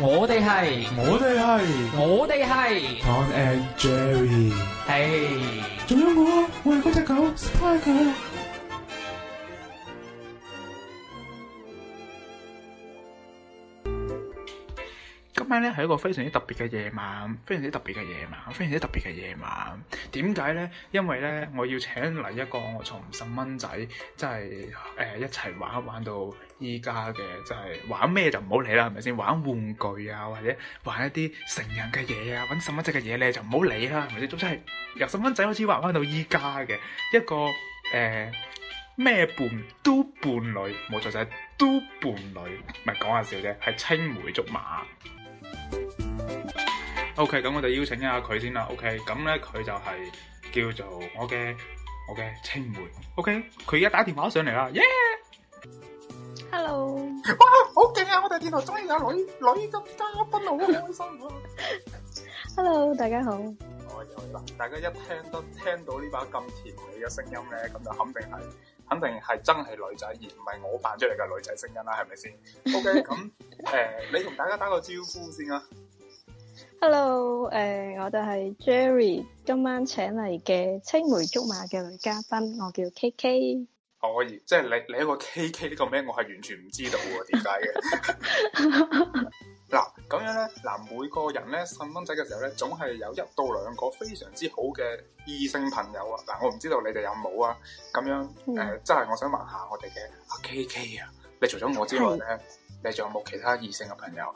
我哋係，我哋係，我哋係。Tom and Jerry，係。仲有我，我係嗰隻狗，Spike。今晚咧係一個非常之特別嘅夜晚，非常之特別嘅夜晚，非常之特別嘅夜晚。點解咧？因為咧，我要請嚟一個我從十蚊仔，即係誒一齊玩一玩，一玩到。依家嘅就係、是、玩咩就唔好理啦，係咪先？玩玩具啊，或者玩一啲成人嘅嘢啊，玩細蚊仔嘅嘢咧就唔好理啦，係咪先？總之係由細蚊仔開始玩返到依家嘅一個誒咩、呃、伴都伴侶，冇錯就係都伴侶，唔係講下笑啫，係青梅竹馬。OK，咁我哋邀請一下佢先啦。OK，咁咧佢就係叫做我嘅我嘅青梅。OK，佢而家打電話上嚟啦，耶、yeah!！Hello，哇，好勁啊！我哋電台終於有女女嘅嘉賓，好開心啊 ！Hello，大家好。大家一聽都聽到呢把咁甜美嘅聲音咧，咁就肯定係，肯定係真係女仔，而唔係我扮出嚟嘅女仔聲音啦，係咪先？OK，咁誒、呃，你同大家打個招呼先啊。Hello，誒、呃，我哋係 Jerry，今晚請嚟嘅青梅竹馬嘅女嘉賓，我叫 K K。我而，即係你你一個 K K 呢個名，我係完全唔知道喎，點解嘅？嗱咁 樣咧，嗱每個人咧細蚊仔嘅時候咧，總係有一到兩個非常之好嘅異性朋友啊。嗱，我唔知道你哋有冇啊。咁樣誒，即係、嗯呃、我想問,問下我哋嘅阿 K K 啊，你除咗我之外咧，是你仲有冇其他異性嘅朋友？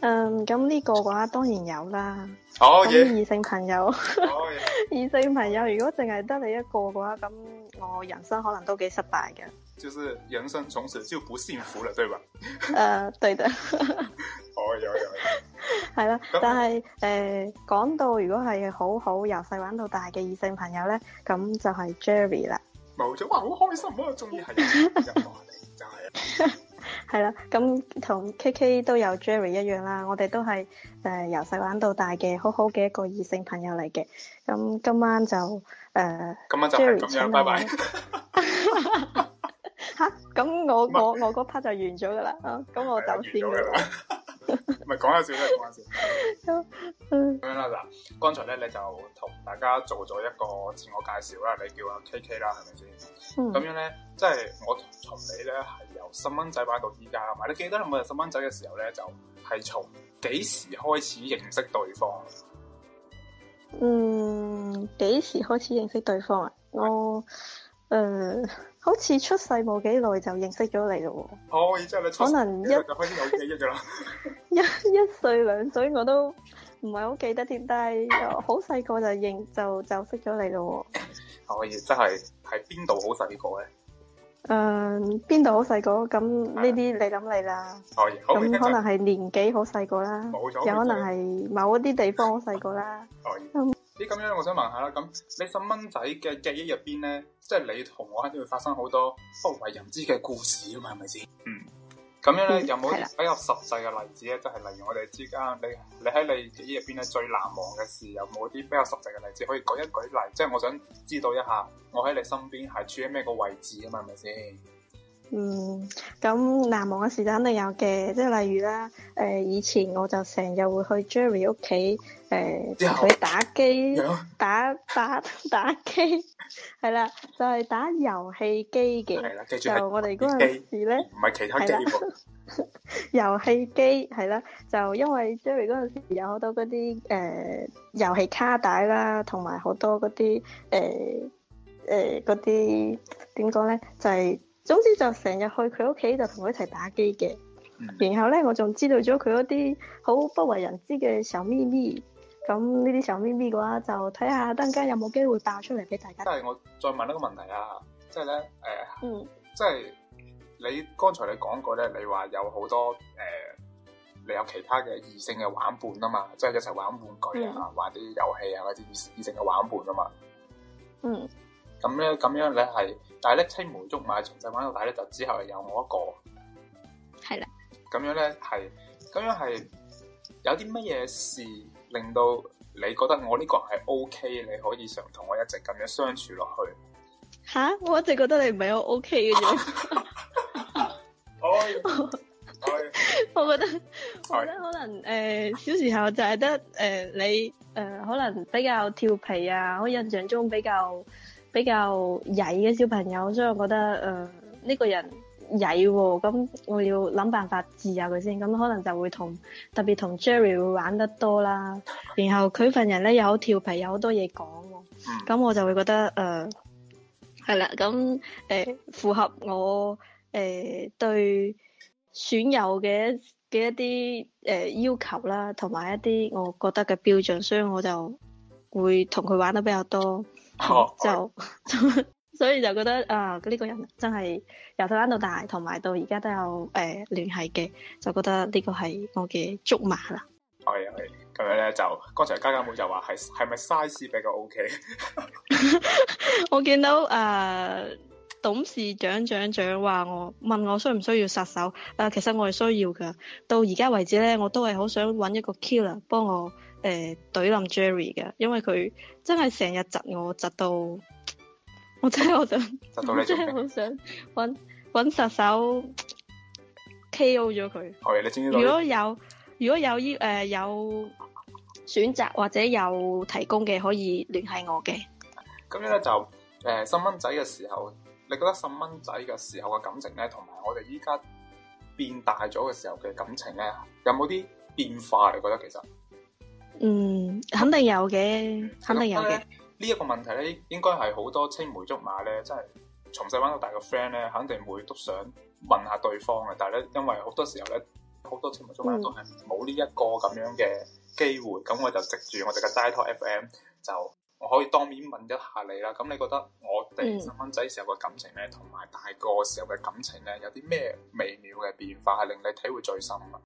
嗯，咁呢個嘅話當然有啦。哦，嘢！異性朋友，異、哦 yeah、 性朋友，如果淨係得你一個嘅話，咁。我人生可能都幾失敗嘅，就是人生從此就不幸福了，對吧？誒，對的。哦，有有有，係啦。但係誒，講到如果係好好由細玩到大嘅異性朋友咧，咁就係 Jerry 啦。冇錯，哇，好開心，好鍾意係日華嚟，就係。係啦，咁同 K K 都有 Jerry 一樣啦，我哋都係誒由細玩到大嘅好好嘅一個異性朋友嚟嘅。咁今晚就。誒，今晚就係咁樣，拜拜。嚇，咁我我我嗰 part 就完咗㗎啦。啊，咁我走先啦。唔係講下笑啫，講下笑。咁樣啦嗱，剛才咧你就同大家做咗一個自我介紹啦，你叫阿 K K 啦，係咪先？咁樣咧，即係我同你咧係由細蚊仔玩到依家，嘛，你記得啦，我係細蚊仔嘅時候咧，就係從幾時開始認識對方？嗯，幾時開始認識對方啊？我誒、呃，好似出世冇幾耐就認識咗你咯。可即係你可能一就開始有記憶㗎喇，一歲兩歲我都唔係好記得添，但係好細個就認就就認識咗你咯。可以、oh, yeah, 真係喺邊度好細個咧？誒邊度好細個？咁呢啲你諗你啦。係、啊，咁可能係年紀好細個啦，冇咗有可能係某一啲地方好細個啦。係、啊。咁樣，我想問下啦，咁你十蚊仔嘅記憶入邊咧，即係你同我喺度發生好多不為人知嘅故事啊嘛？係咪先？嗯。咁樣咧，有冇啲比較實際嘅例子咧？即係例如我哋之間，你你喺你記憶入邊咧，最難忘嘅事，有冇啲比較實際嘅例子可以舉一舉例？即係我想知道一下，我喺你身邊係處喺咩個位置啊？嘛係咪先？嗯，咁難忘嘅事就肯定有嘅，即係例如啦，誒、呃、以前我就成日會去 Jerry 屋企誒佢打機， 打打打機，係啦，就係、是、打遊戲機嘅。就我哋嗰陣時咧，唔係其他嘅地方遊戲機係啦，就因為 Jerry 嗰陣時有好多嗰啲誒遊戲卡帶啦，同埋好多嗰啲誒誒嗰啲點講咧，就係、是。總之就成日去佢屋企就同佢一齊打機嘅，嗯、然後咧我仲知道咗佢嗰啲好不為人知嘅小咪咪，咁呢啲小咪咪嘅話就睇下等陣間有冇機會爆出嚟俾大家。但係我再問一個問題啊，即係咧誒，即、呃、係、嗯、你剛才你講過咧，你話有好多誒、呃，你有其他嘅異性嘅玩伴啊嘛，即係一齊玩玩具啊，嗯、玩啲遊戲啊，或者異異性嘅玩伴啊嘛。嗯。咁咧，咁樣咧係。但係咧，青梅竹馬，從細玩到大咧，就之後有我一個，係啦是的。咁樣咧，係咁樣係有啲乜嘢事令到你覺得我呢個人係 O K，你可以常同我一直咁樣相處落去？吓，我一直覺得你唔係好 O K 嘅啫。我，我，我覺得，我覺得可能誒、呃，小時候就係得誒、呃、你誒、呃，可能比較調皮啊，我印象中比較。比較曳嘅小朋友，所以我覺得誒呢、呃這個人曳，咁、嗯、我要諗辦法治下佢先。咁、嗯、可能就會同特別同 Jerry 會玩得多啦。然後佢份人咧又好調皮，有好多嘢講，咁、嗯、 我就會覺得誒係、呃、啦。咁誒、呃、符合我誒、呃、對選友嘅嘅一啲誒、呃、要求啦，同埋一啲我覺得嘅標準，所以我就會同佢玩得比較多。 就 所以就覺得啊呢、呃這個人真係由細玩到大，同埋到而家都有誒、呃、聯繫嘅，就覺得個、 嗯嗯、呢個係我嘅竹馬啦。係啊，係咁樣咧就，剛才嘉嘉妹就話係係咪 size 比較 OK？ 我見到啊、呃、董事長長長話我問我需唔需要殺手？啊、呃、其實我係需要㗎，到而家為止咧我都係好想搵一個 killer 幫我。誒，懟冧、呃、Jerry 嘅，因為佢真係成日窒我，窒到、哦、我真係，到你 我就真係好想揾揾殺手 KO 咗佢。係、 哦、你如果有如果有依誒、呃、有選擇或者有提供嘅，可以聯繫我嘅。咁樣咧就誒、細、呃、蚊仔嘅時候，你覺得細蚊仔嘅時候嘅感情咧，同埋我哋依家變大咗嘅時候嘅感情咧，有冇啲變化？你覺得其實？嗯，肯定有嘅，嗯、肯定有嘅。嗯、有呢一、這個問題咧，應該係好多青梅竹馬咧，即係從細玩到大嘅 friend 咧，肯定會都想問下對方嘅。但係咧，因為好多時候咧，好多青梅竹馬都係冇呢一個咁樣嘅機會，咁、嗯、我就藉住我哋嘅 Die Talk FM，就我可以當面問一下你啦。咁你覺得我哋細蚊仔時候嘅感情咧，同埋大個時候嘅感情咧，有啲咩微妙嘅變化係令你體會最深啊？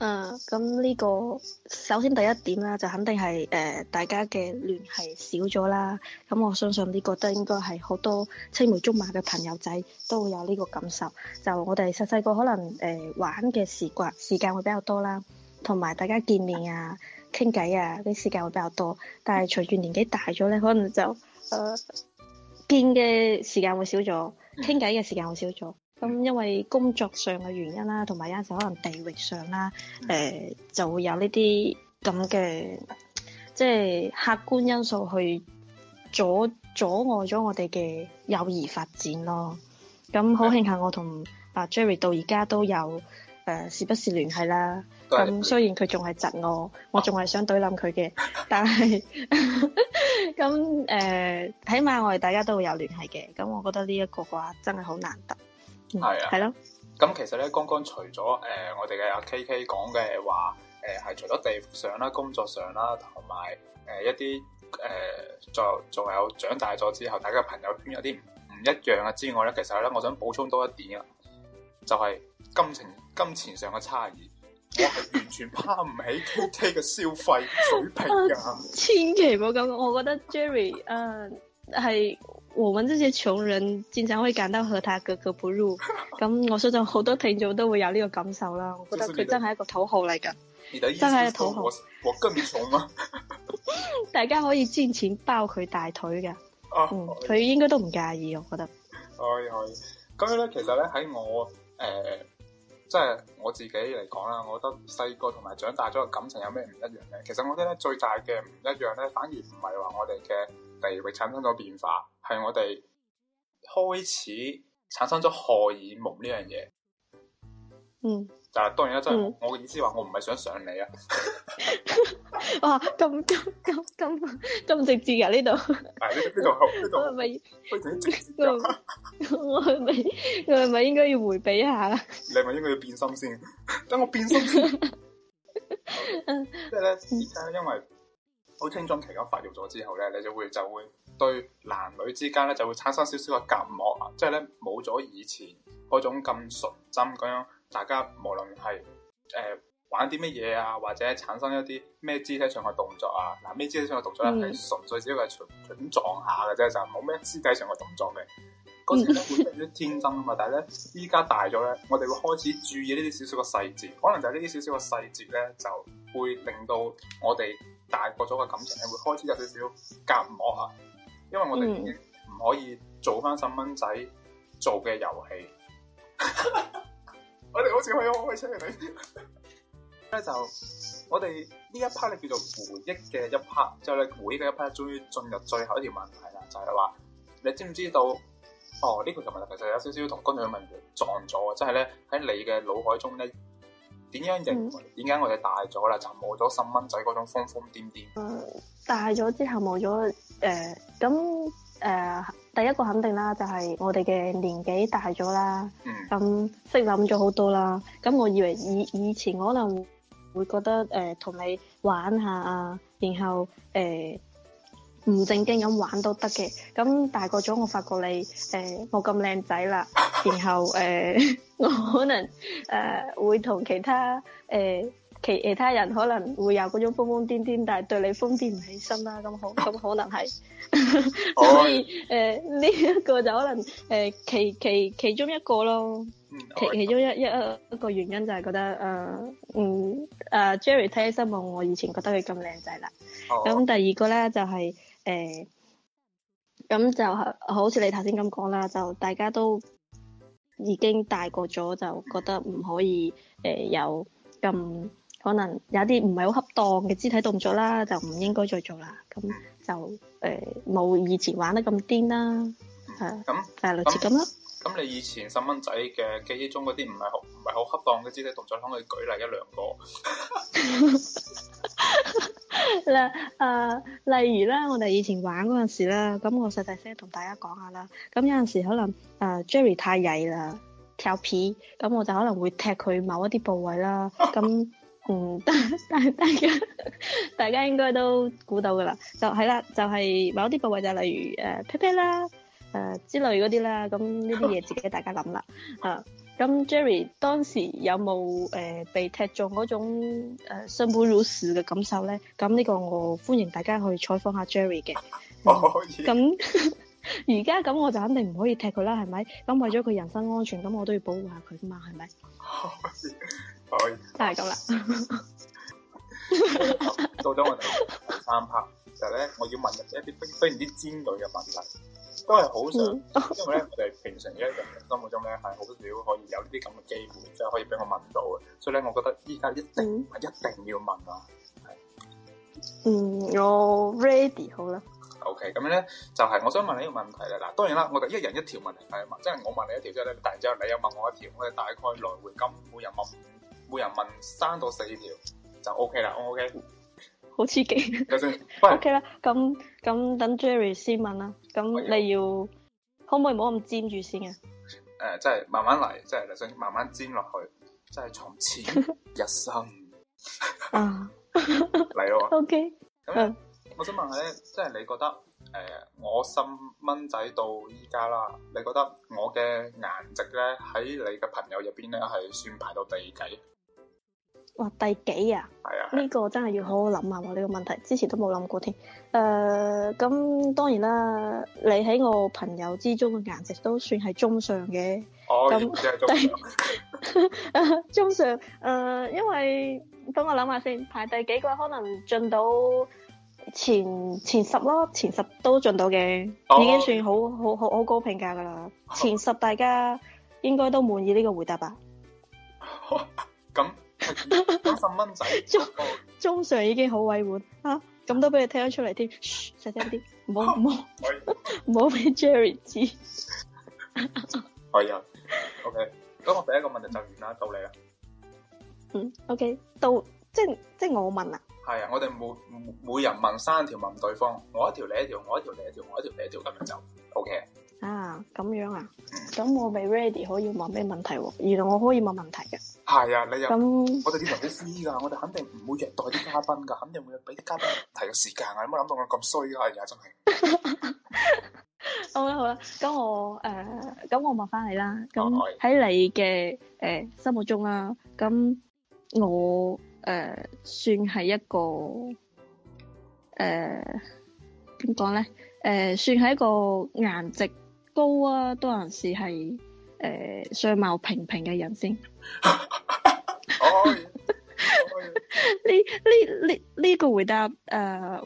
誒，咁呢、uh, 這個首先第一點啦，就肯定係誒、呃、大家嘅聯繫少咗啦。咁我相信呢，覺得應該係好多青梅竹馬嘅朋友仔都會有呢個感受。就我哋細細個可能誒、呃、玩嘅時掛時間會比較多啦，同埋大家見面啊、傾偈啊啲時間會比較多。但係隨住年紀大咗咧，可能就誒、呃、見嘅時間會少咗，傾偈嘅時間會少咗。 咁因為工作上嘅原因啦，同埋有陣時可能地域上啦，誒、嗯呃、就會有呢啲咁嘅，即係客觀因素去阻阻礙咗我哋嘅友誼發展咯。咁好慶幸我同阿 Jerry 到而家都有誒、呃、時不時聯繫啦。咁、嗯嗯、雖然佢仲係窒我，我仲係想懟冧佢嘅，啊、但係咁誒起碼我哋大家都會有聯繫嘅。咁、嗯、我覺得呢一個嘅話真係好難得。係啊，係咯。咁、嗯、其實咧，剛剛除咗誒、呃，我哋嘅阿 K K 講嘅話，誒、呃、係除咗地府上啦、工作上啦，同埋誒一啲誒，仲有仲有長大咗之後，大家嘅朋友圈有啲唔一樣嘅之外咧，其實咧，我想補充多一點啊，就係、是、金錢金錢上嘅差異，我係完全攀唔起 K K 嘅消費水平噶、 啊。千祈唔好咁講，我覺得 Jerry 誒、啊、係。我們這些窮人經常會感到和他格格不入，咁我相信好多聽眾都會有呢個感受啦。我覺得佢真係一個土豪嚟㗎，真係一個土豪。我，我更重啊， 大家可以捐錢包佢大腿㗎，oh, 嗯，佢、oh, okay. 應該都唔介意我覺得可以可以，咁樣咧，其實咧喺我呃，即係我自己嚟講啦，我覺得細個同埋長大咗嘅感情有咩唔一樣咧？其實我覺得咧最大嘅唔一樣咧，反而唔係話我哋嘅。地會產生咗變化，係我哋開始產生咗荷爾蒙呢樣嘢。嗯，但係當然啦，就我嘅、嗯、意思話，我唔係想上你 啊。哇，咁咁咁咁咁直接㗎呢度？係呢呢度呢度。我係咪我係咪應該要回避一下啦？ 你係咪應該要變心先？等 我變心先。即係咧，而家因為。喺青春期咁發育咗之後咧，你就會就會對男女之間咧就會產生少少嘅隔膜啊，即係咧冇咗以前嗰種咁純真咁樣。大家無論係誒、呃、玩啲乜嘢啊，或者產生一啲咩肢體上嘅動作啊，嗱、啊，咩肢體上嘅動作咧係、嗯、純粹只係隨隨便撞下嘅啫，就冇咩肢體上嘅動作嘅嗰時咧會比較天真啊嘛。但係咧依家大咗咧，我哋會開始注意呢啲少少嘅細節，可能就係呢啲少少嘅細節咧，就會令到我哋。大過咗嘅感情係會開始有少少隔膜啊，因為我哋已經唔可以做翻細蚊仔做嘅遊戲。 我哋好似可以開車嚟，咧 就我哋呢一 part 咧叫做回憶嘅一 part，之後咧回憶嘅一 part 終於進入最後一條問題啦，就係、是、話你知唔知道？哦，呢、呢個問題其實有少少同觀眾問題撞咗啊，即係咧喺你嘅腦海中咧。嗯、風風點樣認為？點解我哋大咗啦，就冇咗細蚊仔嗰種瘋瘋癲癲？嗯，大咗之後冇咗誒，咁、呃、誒、呃、第一個肯定啦，就係、是、我哋嘅年紀大咗啦。咁識諗咗好多啦。咁我以為以以前可能會覺得誒同、呃、你玩下啊，然後誒。呃唔正經咁玩都得嘅，咁大個咗我發覺你誒冇咁靚仔啦，然後誒我可能誒會同其他誒其其他人可能會有嗰種瘋瘋癲癲，但係對你瘋癲唔起身啦，咁可咁可能係，所以誒呢一個就可能誒其其其中一個咯，其其中一一一個原因就係覺得誒嗯誒 Jerry 睇起身冇我以前覺得佢咁靚仔啦，咁第二個咧就係。誒，咁、欸、就係好似你頭先咁講啦，就大家都已經大個咗，就覺得唔可以誒、欸、有咁可能有啲唔係好恰當嘅肢體動作啦，就唔應該再做啦。咁就誒冇、欸、以前玩得咁癲啦，係啊，係類似咁啦。咁你以前細蚊仔嘅記憶中嗰啲唔係唔係好恰當嘅肢體動作，可以舉例一兩個。咧，誒，例如咧，我哋以前玩嗰陣時咧，咁我細細聲同大家講下啦。咁有陣時可能誒、啊、Jerry 太曳啦，調皮，咁我就可能會踢佢某一啲部位啦。咁， 嗯，但但係大家大家應該都估到噶啦，就係啦，就係、是、某一啲部位就例如 p 誒、呃、屁屁啦。誒、呃，之類嗰啲啦，咁呢啲嘢自己大家諗啦吓。咁、 啊、Jerry 當時有冇誒、呃、被踢中嗰種誒生不如死嘅感受咧？咁呢個我歡迎大家去採訪下 Jerry 嘅。可咁而家咁我就肯定唔可以踢佢啦，係咪？咁為咗佢人身安全，咁我都要保護下佢噶嘛，係咪？可可以。就係咁啦。到咗我哋第三 part，就咧我要問人哋一啲非非常之尖銳嘅問題。都係好想，嗯、因為咧我哋平常嘅人心目中咧係好少可以有呢啲咁嘅機會，即係可以俾我問到嘅，所以咧我覺得依家一定係、嗯、一定要問咯、啊。嗯，我 ready 好啦。O K，咁樣咧就係、是、我想問你一個問題啦。嗱，當然啦，我哋一人一條問題啊嘛，即、就、係、是、我問你一條之後咧，突然之後你又問我一條，我哋大概來回咁，每人問，每人問三到四條就 O K 啦。O、okay? K，好刺激。O K 啦。咁咁 Bye.、okay、等 Jerry 先問啦、啊。咁你要，要可唔可以唔好咁煎住先啊？誒、呃，即係慢慢嚟，即係你想慢慢煎落去，即係從此一生啊嚟咯。OK，咁樣我想問下咧，即係你覺得誒、呃、我細蚊仔到依家啦，你覺得我嘅顏值咧喺你嘅朋友入邊咧係算排到第幾？話第幾啊？呢、啊、個真係要好好諗啊！呢、嗯、個問題之前都冇諗過添。誒、呃，咁當然啦，你喺我朋友之中嘅顏值都算係中上嘅。哦，嗯、中上。誒，因為等我諗下先，排第幾個可能進到前前十，前十咯，前十都進到嘅，哦、已經算好好好好，好高評價噶啦。 前十大家應該都滿意呢個回答吧？咁。 八十蚊仔中中上已經好委婉吓，咁、啊、都俾你聽得出嚟添，細聲啲，唔好唔好唔好俾 Jerry 知 可以啊。OK，咁我第一個問題就完啦，到你啦。嗯，OK，到即即我問啊，係啊，我哋每每人問三條問對方，我一條你一條，我一條你一條，我一條你一條，咁樣就 OK。啊，咁樣啊，咁、嗯、我未 ready 可以問咩問題喎、啊？原來我可以問問題嘅，係啊，你又咁，嗯、我哋啲人係 free 噶， 我哋肯定唔會虐待啲嘉賓噶，肯定會俾啲嘉賓提個時間啊！你冇諗到我咁衰啊？而家真係。好啦好啦，咁我誒，咁、呃、我問翻你啦，咁喺你嘅誒心目中啦，咁我誒、呃、算係一個誒點講咧？誒、呃呃、算係一個顏值。高啊，多人士係誒相貌平平嘅人先。呢呢呢呢個回答誒、呃，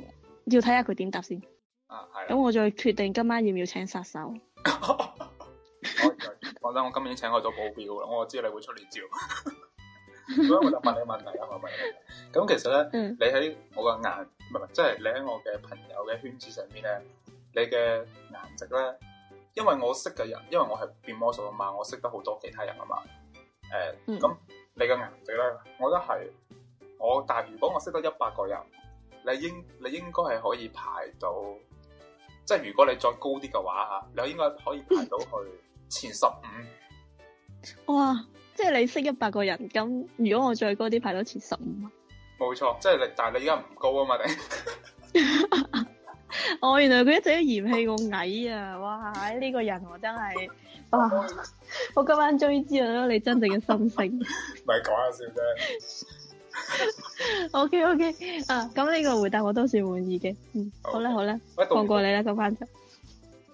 要睇下佢點答先。啊係。咁我再決定今晚要唔要請殺手。可 以，放心，我今年請我咗保鏢啦。我知道你會出嚟照，所以我就問你問題啦，係咪？咁其實咧，嗯、你喺我個顏唔係，即係你喺我嘅朋友嘅圈子上面咧，你嘅顏值咧。因為我識嘅人，因為我係變魔術啊嘛，我識得好多其他人啊嘛。誒、呃，咁、嗯、你嘅顏值咧，我覺得係我大。但係如果我識得一百個人，你應你應該係可以排到。即係如果你再高啲嘅話嚇，你應該可以排到去前十五。哇！即係你識一百個人，咁如果我再高啲，排到前十五啊？冇錯，即係你，但係你而家唔高啊嘛？你。 我、哦、原來佢一直都嫌棄我矮啊！哇，呢、這個人我真係，哇， 我今晚終於知道咗你真正嘅心聲。咪講下笑啫。OK OK，啊，咁呢個回答我都算滿意嘅。嗯，好啦好啦，好到放過你啦，到今晚就。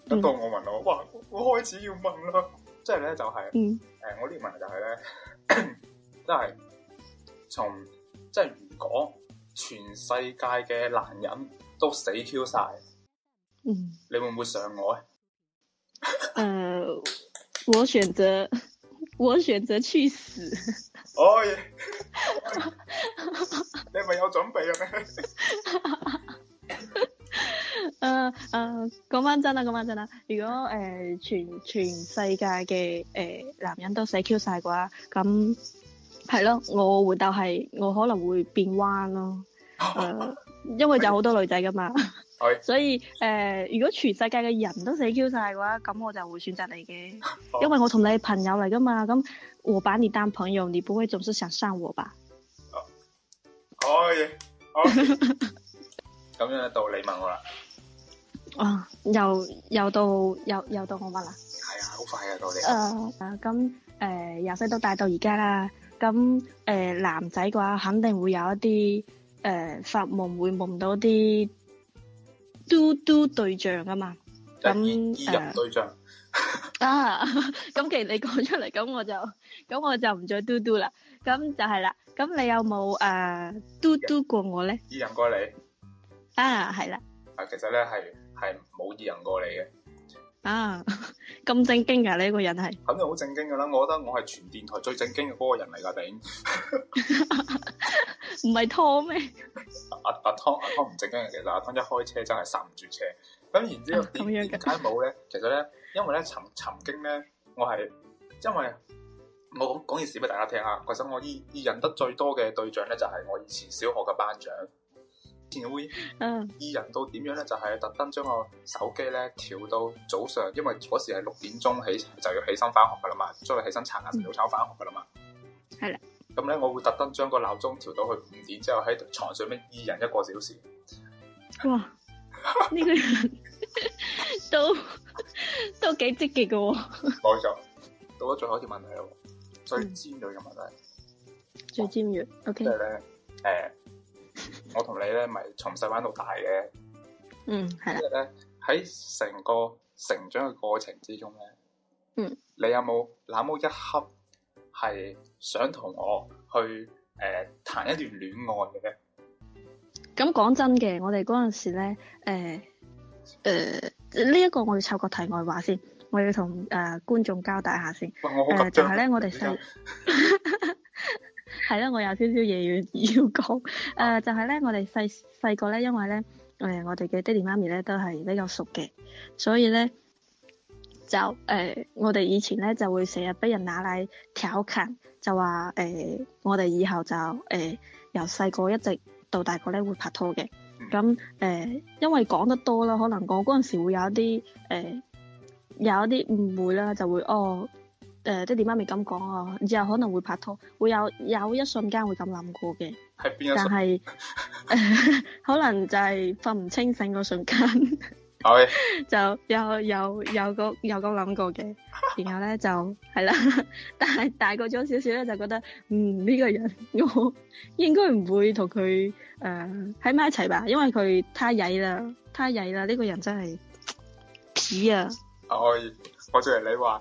不到我問我話、嗯，我開始要問啦，即係咧就係、是就是，誒、嗯，我呢問就係、是、咧，即係從即係如果全世界嘅男人都死 Q 晒，嗯、你會唔會想我啊？誒、 uh,，我選擇我選擇去死。哦 ，oh、yeah. 你咪有準備嘅咩？誒 誒、uh, uh,，講翻真啦，講翻真啦。如果誒、呃、全全世界嘅誒、呃、男人都死 Q 晒嘅話，咁係咯，我回答係我可能會變彎咯。誒。 uh, 因為有好多女仔噶嘛，哎、 所以誒、呃，如果全世界嘅人都死 Q 晒嘅話，咁我就會選擇你嘅，哦、因為我同你朋友嚟噶嘛。咁我把你當朋友，你不會總是想生我吧？哦，可、哎、以，咁、哎哎、 樣到你問我啦。啊、哦，又又到又又到我問啦。係、嗯、啊，好快啊到你。誒誒，咁誒，由細到大到而家啦，咁誒，男仔嘅話肯定會有一啲。誒，發夢會夢到啲嘟嘟對象啊嘛，咁人對象啊，咁其實你講出嚟，咁我就，咁我就唔再嘟嘟啦，咁就係啦，咁你有冇誒嘟嘟過我咧？二人過你啊，係啦，啊，其實咧係係冇二人過你嘅。啊，咁正經噶？呢個人係，肯定好正經噶啦！我覺得我係全電台最正經嘅嗰個人嚟噶頂，唔係拖咩？阿阿湯阿湯唔正經嘅，其實阿湯一開車真係剎唔住車。咁然之後街冇咧，其實咧，reais. 因為咧曾曾經咧，我係因為我講講件事俾大家聽下。嗰陣我依依認得最多嘅對象咧，就係我以前小學嘅班長。depuis 會嗯，意淫到點樣咧？就係、是、特登將個手機咧調到早上，因為嗰時係六點鐘起就要起身翻學噶啦嘛，再起身刷牙、早餐翻學噶啦嘛。係啦、嗯。咁咧我會特登將個鬧鐘調到去五點之後喺床上邊意淫一個小時。哇！呢 個人都都幾積極噶喎。唔該到咗最後一條問題啦，最尖銳嘅問題。嗯、哇最尖銳。O、okay. K。即係咧，誒。我同你咧，咪從細玩到大嘅。嗯，係啦。其實咧，喺成個成長嘅過程之中咧，嗯，你有冇那麼一刻係想同我去誒談、呃、一段戀愛嘅咧？咁講、嗯、真嘅，我哋嗰陣時咧，誒、呃、誒，呢、呃、一、這個我要湊個題外話先，我要同誒、呃、觀眾交代下先。我好緊張誒、呃，就係、是、咧，嗯、我哋細。 係啦，我有少少嘢要要講，誒、呃，就係、是、咧，我哋細細個咧，因為咧，誒，我哋嘅爹哋媽咪咧都係比較熟嘅，所以咧就誒、呃，我哋以前咧就會成日俾人拿嚟調侃，就話誒、呃，我哋以後就誒、呃，由細個一直到大個咧會拍拖嘅，咁誒、呃，因為講得多啦，可能我嗰陣時會有一啲誒、呃，有一啲誤會啦，就會哦。誒，爹哋媽咪咁講啊，之、啊、後可能會拍拖，會有有一瞬間會咁諗過嘅，但係是、 呃、可能就係瞓唔清醒個瞬間， oh、yeah. 就有有有個有咁諗過嘅，然後咧就係 啦，但係大個咗少少咧就覺得，嗯呢、呢個人我應該唔會同佢誒喺埋一齊吧，因為佢太曳啦，太曳啦，呢、呢個人真係，屎啊！我我作為你話。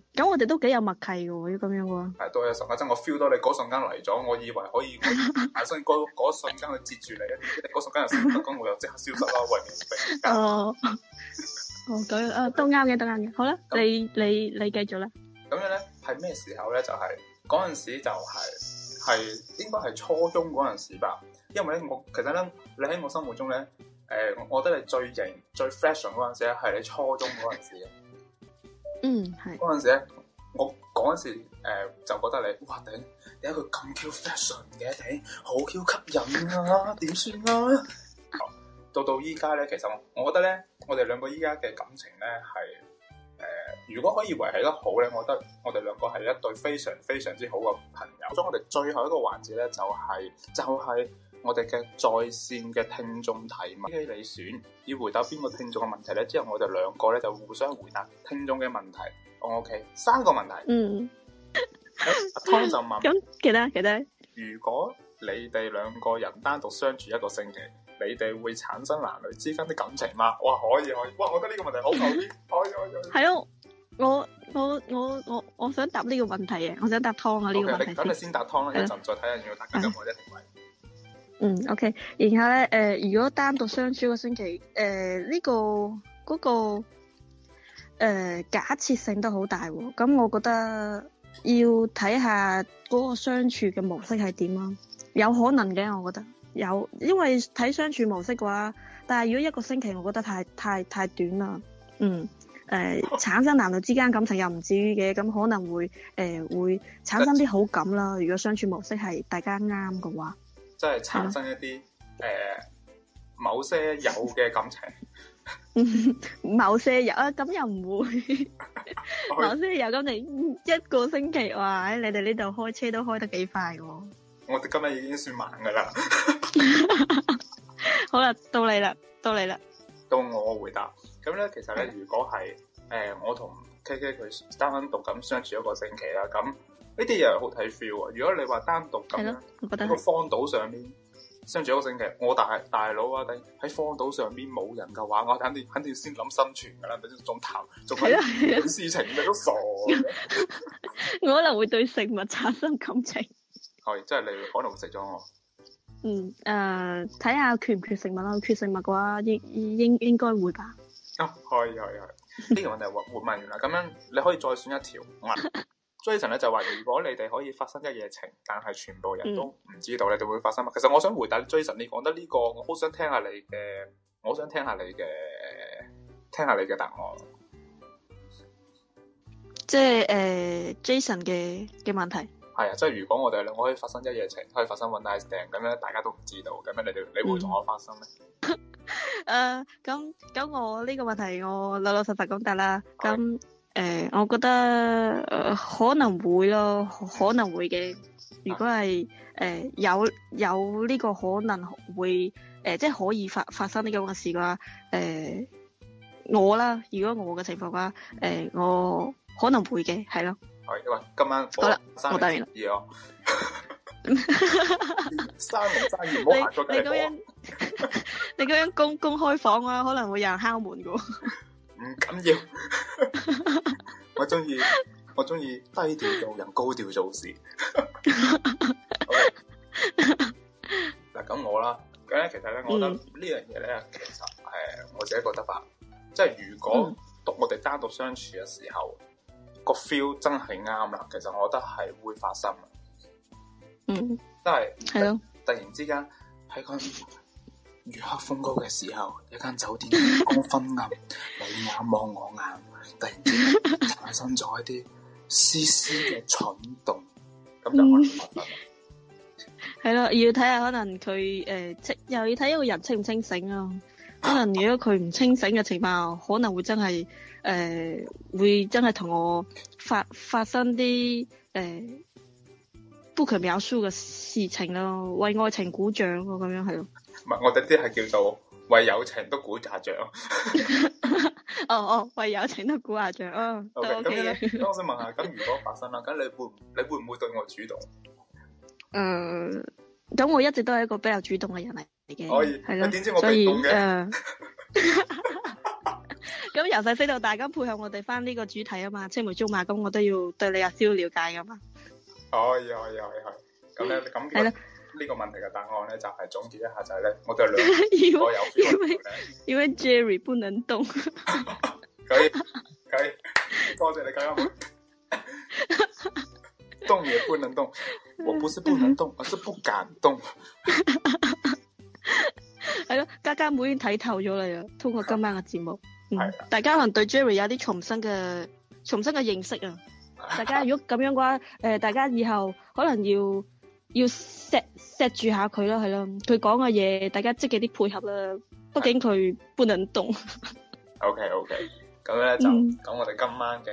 咁我哋都幾有默契嘅喎，要咁樣喎。係，對啊，瞬間、嗯、我 feel 到你嗰瞬間嚟咗，我以為可以，但係嗰瞬間去接住你，嗰 瞬間又唔得工，我又即刻消失啦，喂、 哦，哦咁樣，誒都啱嘅，都啱嘅。好啦、嗯，你你你繼續啦。咁樣咧，係咩時候咧？就係嗰陣時就係、係、係應該係初中嗰陣時吧。因為咧，我其實咧，你喺我心目中咧，誒，我覺得你最型最 fashion 嗰陣時咧，係你初中嗰陣時。 嗯，係嗰陣時咧，我嗰陣時誒、呃、就覺得你，哇頂，有一個咁 Q fashion 嘅頂，好 Q 吸引啊，點算啊？ 到到依家咧，其實我覺得咧，我哋兩個依家嘅感情咧係誒，如果可以維繫得好咧，我覺得我哋兩個係一對非常非常之好嘅朋友。所以我哋最後一個環節咧就係、是、就係、是。我哋嘅在線嘅聽眾提問，O.K.，你選要回答邊個聽眾嘅問題咧？之後我哋兩個咧就互相回答聽眾嘅問題，O.K.，三個問題。嗯，阿、啊、湯就問咁，記得記得。如果你哋兩個人單獨相處一個星期，你哋會產生男女之間嘅感情嗎？哇，可以可以，哇，我覺得呢個問題好，可以可以。係、哎、啊、哎，我我我我我想答呢個問題嘅，我想答湯啊呢、這個問題。咁、OK，你，你先答湯啦，對看看一陣再睇下要大家有冇一定嗯，OK，然後咧，誒、呃，如果單獨相處個星期，誒、呃、呢、這個嗰、那個誒、呃、假設性都好大喎、哦，咁、嗯、我覺得要睇下嗰個相處嘅模式係點啦，有可能嘅，我覺得有，因為睇相處模式嘅話，但係如果一個星期，我覺得太太太短啦，嗯，誒、呃、產生男女之間感情又唔至於嘅，咁、嗯呃、可能會誒、呃、會產生啲好感啦，如果相處模式係大家啱嘅話。即係產生一啲誒，某些有嘅感情，某些有啊，咁又唔會，某些有，咁你一個星期哇，你哋呢度開車都開得幾快喎，我哋今日已經算慢噶啦， 好啦，到你啦，到你啦，到我回答，咁咧其實咧如果係誒、呃、我同 KK 佢單單獨咁相處一個星期啦，咁。呢啲嘢好睇 feel 啊！如果你話單獨咁，我覺得喺個荒島上面相處一個星期，我大大佬啊，喺荒島上面冇人嘅話，我肯定肯定先諗生存噶啦，唔知仲談仲係啲事情，你都傻。 我可能會對食物產生感情。係， 即係你可能會食咗我。嗯誒，睇下缺唔缺食物咯，缺食物嘅話，應應應該會吧。 啊，可以可以可呢個問題換換問完啦，咁樣你可以再選一條。 Jason 咧就話，如果你哋可以發生一夜情，但係全部人都唔知道你哋會發生咩？嗯、其實我想回答 Jason，你講得呢個，我好想聽下你嘅，我想聽下你嘅，聽下你嘅答案。即係誒、呃、，Jason 嘅嘅問題。係啊，即係如果我哋兩可以發生一夜情，可以發生 one night stand 咁樣，大家都唔知道，咁樣你哋你會同我發生咩？誒、嗯，咁咁、 呃、我呢個問題我老老實實講得啦，咁。嗯誒、呃，我覺得、呃、可能會咯，可能會嘅。如果係誒、呃、有有呢個可能會誒、呃，即係可以發發生呢個咁嘅事嘅話，誒、呃、我啦，如果我嘅情況嘅話，誒、呃、我可能會嘅，係咯。係今晚好啦得，我戴完啦。你咁樣， 你咁樣公 公，公開房啊，可能會有人敲門㗎。 唔緊要， 我中意我中意低調做人，高調做事。嗱，咁我啦，咁咧，其實咧，我覺得呢樣嘢咧，其實誒、呃，我自己覺得啊，即係如果讀我哋單獨相處嘅時候，嗯、個 feel 真係啱啦。其實我覺得係會發生。嗯。即係係咯，突然之間喺、那個。月黑風高嘅時候，一間酒店燈光昏暗， 你眼望我眼，突然之間產生咗一啲絲絲嘅蠢動，咁就可能係咯，嗯、 要睇下可能佢誒清，又要睇一個人清唔清醒啊。可能如果佢唔清醒嘅情況，可能會真係誒、呃、會真係同我發發生啲誒不可描述嘅事情咯、啊，為愛情鼓掌咯、啊，咁樣係咯。唔係，我哋啲係叫做為友情都估下賬。哦哦，為友情都估下賬啊！OK。我想問下，如果發生啦，咁你會你會唔會對我主動？誒，咁我一直都係一個比較主動嘅人嚟嘅。可以係啦。點知我所以誒？咁由細識到大，咁配合我哋返呢個主題啊嘛，青梅竹馬，咁我都要對你有少少了解噶嘛。可以可以可以，咁你咁叫。呢個問題嘅答案咧，就係總結一下就係咧，我哋兩個有分別。因為因為 Jerry 不能動。可以可以，多謝你，嘉嘉妹。動也不能動，我不是不能動，我是不敢動。係咯，嘉嘉妹已經睇透咗你啦。通過今晚嘅節目，嗯，大家可能對 Jerry 有啲重新嘅重新嘅認識啊。大家如果咁樣嘅話，誒，大家以後可能要。要錫錫住下佢啦，係啦，佢講嘅嘢大家積極啲配合啦，畢竟佢不能動。OK OK，咁咧就咁，嗯、我哋今晚嘅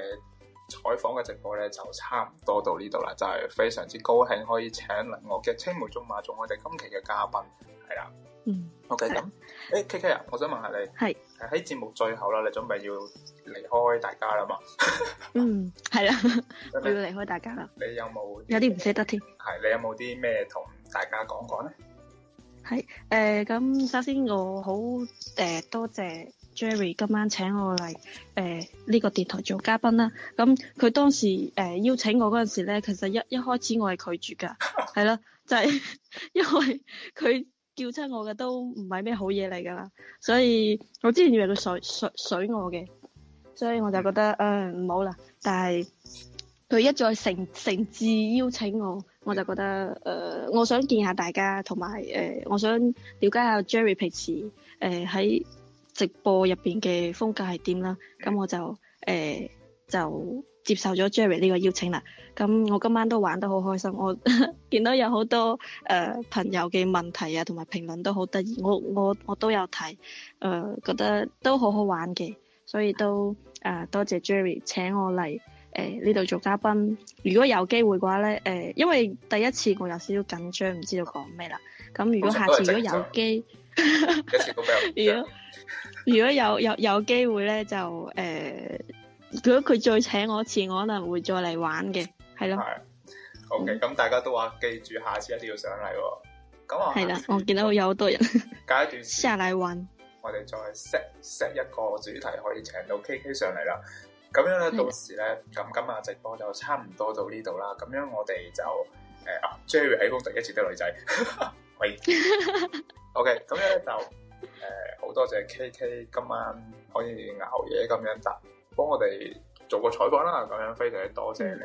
採訪嘅直播咧就差唔多到呢度啦，就係、是、非常之高興可以請嚟我嘅青梅竹馬做我哋今期嘅嘉賓，係啦。嗯 OK，咁的，誒、欸、，K K 啊，我想問下你，係喺節目最後啦，你準備要離開大家啦嘛？ 嗯，係啦， 我要離開大家啦。你有冇？有啲唔捨得添。係，你有冇啲咩同大家講講咧？係，誒、呃，咁首先我好誒、呃，多謝 Jerry 今晚請我嚟誒呢個電台做嘉賓啦。咁佢當時誒、呃、邀請我嗰陣時咧，其實一一開始我係拒絕噶，係啦， 就係、是、因為佢。叫出我嘅都唔係咩好嘢嚟噶啦，所以我之前以為佢水水水我嘅，所以我就覺得嗯，唔、呃、好啦。但係佢一再誠誠摯邀請我，我就覺得誒、呃，我想見下大家，同埋誒，我想了解下 Jerry 平時誒喺、呃、直播入邊嘅風格係點啦。咁我就誒、呃、就。接受咗 Jerry 呢個邀請啦，咁我今晚都玩得好開心。我 見到有好多誒、呃、朋友嘅問題啊，同埋評論都好得意。我我我都有睇，誒、呃、覺得都好好玩嘅，所以都誒、呃、多謝 Jerry 請我嚟誒呢度做嘉賓。如果有機會嘅話咧，誒、呃、因為第一次我有少少緊張，唔知道講咩啦。咁、嗯、如果下次如果有機， 如果如果有有有機會咧，就誒。呃如果佢再請我一次，我可能會再嚟玩嘅，係咯。係，O K，咁大家都話記住，下次一定要上嚟，哦。咁啊，我見到有好多人。隔一段。 下嚟玩。我哋再 set set 一個主題，可以請到 K K 上嚟啦。咁樣咧，到時咧，咁的今日直播就差唔多到呢度啦。咁樣我哋就誒、呃啊，Jerry 喺度第一次得女仔，可 以喂。O K，咁樣咧就誒、呃，好多謝 K K 今晚可以熬夜咁樣集。幫我哋做個採訪啦，咁樣非常之多謝你。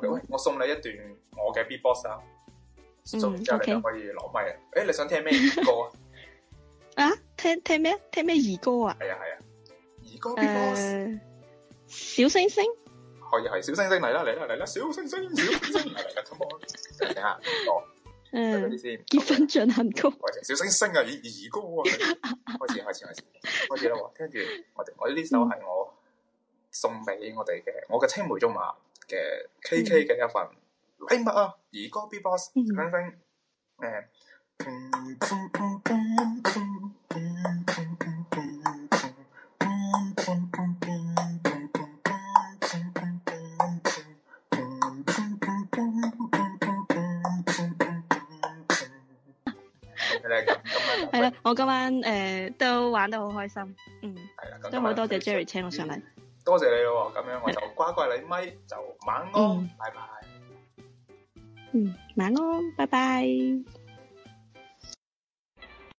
喂、嗯，我送你一段我嘅 B-box 啦，做完之後你就可以攞咪。誒，你想聽咩兒歌啊？啊，聽聽咩？聽咩兒歌啊？係啊係啊，兒歌 B-box。小星星，可以係小星星嚟啦嚟啦嚟啦！小星星，小星星嚟緊出波。等等啊，哦，先。結婚進行曲，小星星啊，兒歌啊，開始開始開始開始啦！聽住我我呢首係我。送俾我哋嘅，我嘅青梅竹馬嘅 KK 嘅一份禮物啊！兒歌 B b o s 誒，係啦，我今晚誒都玩得好開心，嗯，都好多謝 Jerry 請我上嚟。多謝你咯，咁樣我就乖乖你咪，Mike，就晚安，哦，拜拜。嗯，晚安，拜拜。